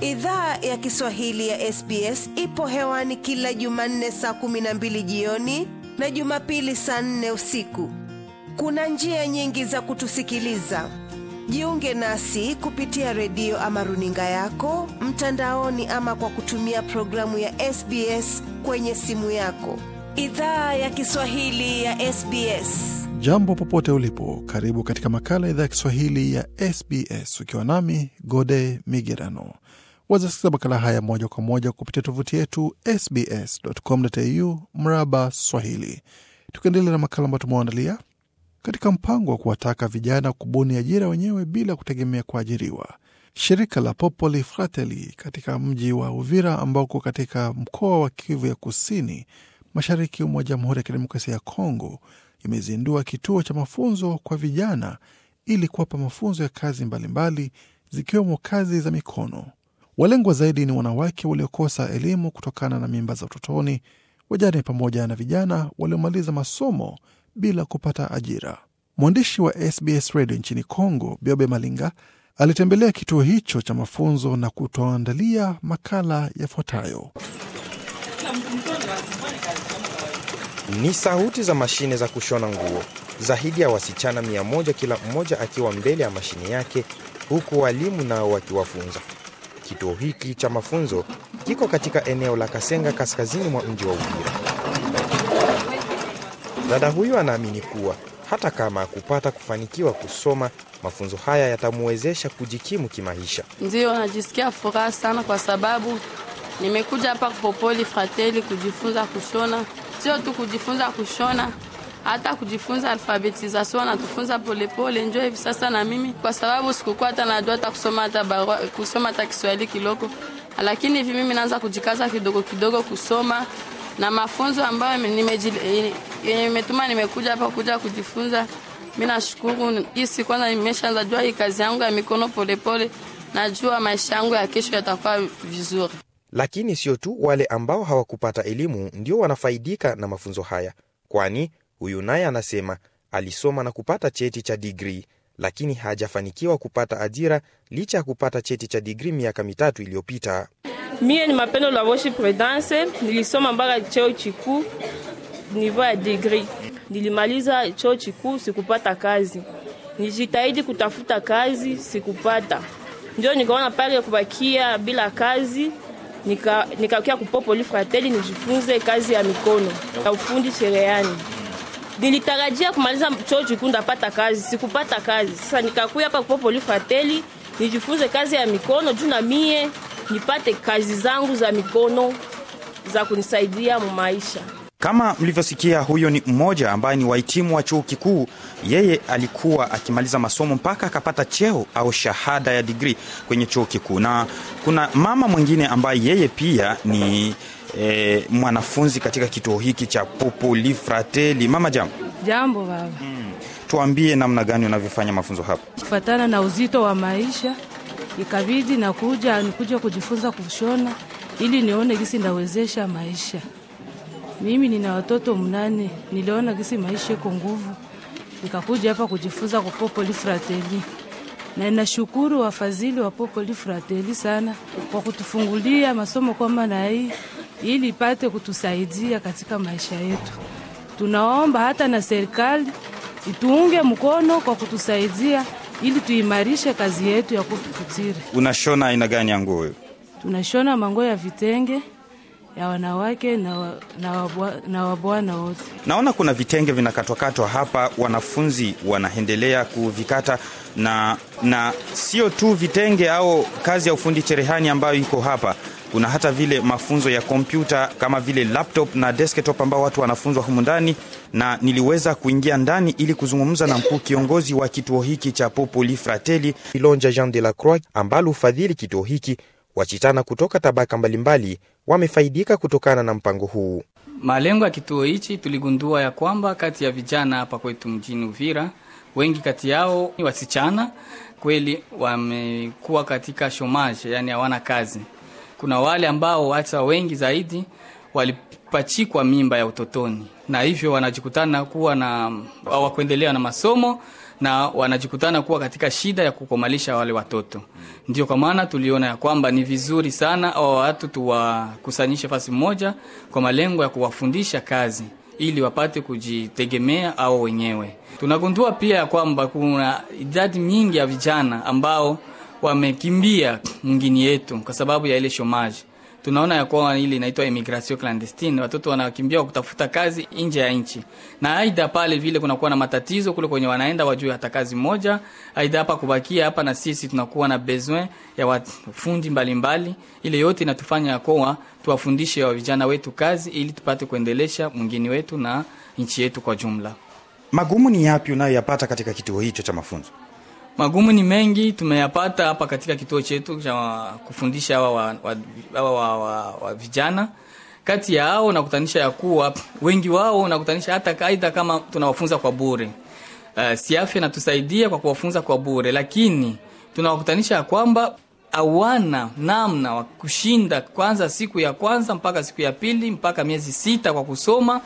Idhaa ya Kiswahili ya SBS ipo hewani kila Jumanne saa kumi na mbili jioni na Jumapili saa nne usiku. Kuna njia nyingi za kutusikiliza. Jiunge nasi kupitia redio ama runinga yako mtandaoni, ama kwa kutumia programu ya SBS kwenye simu yako. Idhaa ya Kiswahili ya SBS. Jambo popote ulipo, karibu katika makala idhaa ya Kiswahili ya SBS ukiwa nami Gode Migerano. Wazasikiza makala haya moja kwa moja kupitia tovuti yetu sbs.com.au mraba Swahili. Tukiendelea na makala ambayo tumewaandalia katika mpango wa kuwataka vijana kubuni ajira wenyewe bila kutegemea kuajiriwa. Shirika la Popoli frateli katika mji wa Uvira ambako katika mkoa wa Kivu ya Kusini Mashariki mwa Jamhuri ya Kidemokrasia ya Kongo imezindua kituo cha mafunzo kwa vijana ili kuwapa mafunzo ya kazi mbalimbali zikiwemo kazi za mikono. Walengwa zaidi ni wanawake waliokosa elimu kutokana na mimba za utotoni, wajane, pamoja na vijana waliomaliza masomo bila kupata ajira. Mwandishi wa SBS redio nchini Congo, Biobe Malinga, alitembelea kituo hicho cha mafunzo na kutoandalia makala yafuatayo. Ni sauti za mashine za kushona nguo. Zaidi ya wasichana mia moja, kila mmoja akiwa mbele ya mashine yake, huku walimu nao wakiwafunza. Kituo hiki cha mafunzo kiko katika eneo la Kasenga kaskazini mwa mji wa Uvira. Dada huyu anaamini kuwa hata kama kupata kufanikiwa kusoma, mafunzo haya yatamwezesha kujikimu kimaisha. Ndiyo, najisikia furaha sana kwa sababu nimekuja hapa Popoli Fratelli kujifunza kushona, sio tu kujifunza kushona hata kujifunza alfabetizasio wanatufunza polepole, njo hivi sasa na mimi, kwa sababu sikukuwa hata najua hata kusoma hata barua, kusoma hata Kiswahili kiloko, lakini hivi mimi naanza kujikaza kidogo kidogo kusoma na mafunzo ambayo imetuma nimekuja hapa kuja kujifunza. Mi nashukuru hisi kwanza, nimeshaanza jua hii kazi yangu ya mikono polepole, najua maisha yangu ya kesho yatakuwa vizuri. Lakini sio tu wale ambao hawakupata elimu ndio wanafaidika na mafunzo haya, kwani Huyu naye anasema alisoma na kupata cheti cha digrii, lakini hajafanikiwa kupata ajira licha ya kupata cheti cha digrii miaka mitatu iliyopita. Mie ni Mapendo la Voshi Prudence, nilisoma mpaka cheo chikuu nivo ya digri. Nilimaliza cheo chikuu, sikupata kazi. Nijitahidi kutafuta kazi, sikupata. Ndio nikaona pale kubakia bila kazi, nikakia nika kupopolifrateli nijifunze kazi ya mikono ya ufundi cherehani nilitarajia kumaliza chuo kikuu ndapata kazi, sikupata kazi. Sasa nikakuya hapa kwa Polifateli nijifunze kazi ya mikono juu na mie nipate kazi zangu za mikono za kunisaidia mu maisha. Kama mlivyosikia, huyo ni mmoja ambaye ni wahitimu wa chuo kikuu. Yeye alikuwa akimaliza masomo mpaka akapata cheo au shahada ya digrii kwenye chuo kikuu, na kuna mama mwingine ambaye yeye pia ni eh, mwanafunzi katika kituo hiki cha Populi Fratelli. Mama jambo. Jambo baba. Hmm. Tuambie namna gani unavyofanya mafunzo hapa. Kufuatana na uzito wa maisha ikabidi nakuja nikuja kujifunza kushona ili nione gisi ndawezesha maisha. Mimi nina watoto mnane, niliona gisi maisha iko nguvu, nikakuja hapa kujifunza kwa Popoli Fratelli, na nashukuru wafadhili wa Popoli Fratelli sana kwa kutufungulia masomo kama na hii ili ipate kutusaidia katika maisha yetu. Tunaomba hata na serikali ituunge mkono kwa kutusaidia ili tuimarishe kazi yetu ya kututiri. Unashona aina gani ya nguo? Tunashona manguo ya vitenge ya wanawake na, na, na wabwana wote. Naona kuna vitenge vinakatwakatwa hapa, wanafunzi wanaendelea kuvikata na, na sio tu vitenge au kazi ya ufundi cherehani ambayo iko hapa kuna hata vile mafunzo ya kompyuta kama vile laptop na desktop ambao watu wanafunzwa humu ndani, na niliweza kuingia ndani ili kuzungumza na mkuu kiongozi wa kituo hiki cha Popoli Fratelli Ilonja Jean de la Croix, ambalo ufadhili kituo hiki. Wachitana kutoka tabaka mbalimbali wamefaidika kutokana na mpango huu. Malengo ya kituo hichi, tuligundua ya kwamba kati ya vijana hapa kwetu mjini Uvira, wengi kati yao ni wasichana kweli, wamekuwa katika shomage yani hawana kazi kuna wale ambao hata wengi zaidi walipachikwa mimba ya utotoni, na hivyo wanajikutana kuwa na hawakuendelea na masomo na wanajikutana kuwa katika shida ya kukomalisha wale watoto. Ndio kwa maana tuliona ya kwamba ni vizuri sana au watu tuwakusanyishe fasi moja kwa malengo ya kuwafundisha kazi ili wapate kujitegemea au wenyewe. Tunagundua pia ya kwamba kuna idadi nyingi ya vijana ambao wamekimbia mwingini yetu kwa sababu ya ile shomaji. Tunaona ya kuwa ile inaitwa emigration clandestine, watoto wanakimbia kutafuta kazi nje ya nchi, na aidha pale vile kunakuwa na matatizo kule kwenye wanaenda wajue hata kazi moja, aidha hapa kubakia hapa, na sisi tunakuwa na besoin ya wafundi mbalimbali. Ile yote inatufanya ya kuwa tuwafundishe wa vijana wetu kazi ili tupate kuendelesha mwingini wetu na nchi yetu kwa jumla. Magumu ni yapi unayoyapata katika kituo hicho cha mafunzo? Magumu ni mengi tumeyapata hapa katika kituo chetu cha kufundisha hawa wa, wa, wa, wa, wa, wa wa vijana. Kati ya hao nakutanisha ya kuwa wengi wao nakutanisha hata kaida kama tunawafunza kwa bure. Uh, eh, siafya natusaidia kwa kuwafunza kwa bure, lakini tunawakutanisha ya kwamba hawana namna wa kushinda kwanza siku ya kwanza mpaka siku ya pili mpaka miezi sita kwa kusoma,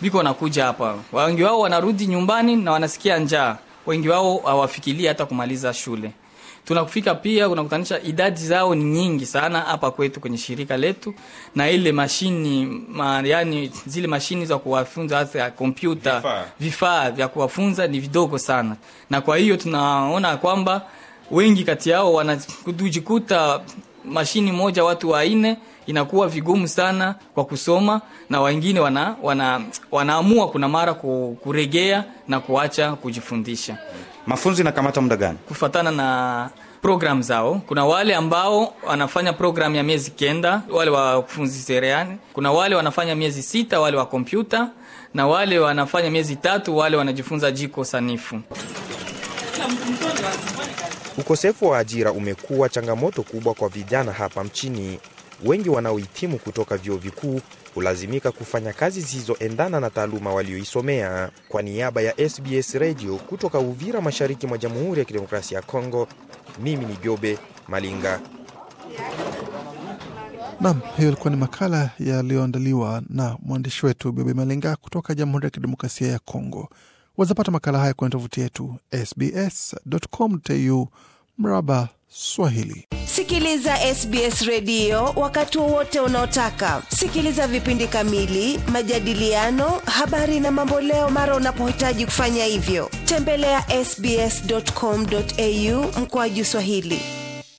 biko wanakuja hapa. Wengi wao wanarudi nyumbani na wanasikia njaa wengi wao hawafikilii hata kumaliza shule. Tunakufika pia unakutanisha idadi zao ni nyingi sana hapa kwetu kwenye shirika letu, na ile mashini ma, yani zile mashini za kuwafunza hasa kompyuta, vifaa vya kuwafunza ni vidogo sana, na kwa hiyo tunaona kwamba wengi kati yao wanajikuta mashini moja watu waine, inakuwa vigumu sana kwa kusoma, na wengine wana, wana, wanaamua kuna mara kuregea na kuacha kujifundisha. Mafunzo inakamata muda gani kufatana na program zao? Kuna wale ambao wanafanya programu ya miezi kenda, wale wa kufunzi sereani. Kuna wale wanafanya miezi sita, wale wa kompyuta, na wale wanafanya miezi tatu, wale wanajifunza jiko sanifu Ukosefu wa ajira umekuwa changamoto kubwa kwa vijana hapa mchini. Wengi wanaohitimu kutoka vyuo vikuu hulazimika kufanya kazi zilizoendana na taaluma walioisomea. Kwa niaba ya SBS Radio kutoka Uvira, mashariki mwa Jamhuri ya Kidemokrasia ya Kongo, mimi ni Jobe Malinga. Nam, hiyo ilikuwa ni makala yaliyoandaliwa na mwandishi wetu Bebe Malenga kutoka Jamhuri ya Kidemokrasia ya Kongo wazapata makala haya kwenye tovuti yetu sbs.com.au mraba Swahili. Sikiliza SBS redio wakati wowote unaotaka. Sikiliza vipindi kamili, majadiliano, habari na mamboleo mara unapohitaji kufanya hivyo. Tembelea ya sbs.com.au mkoaji Swahili.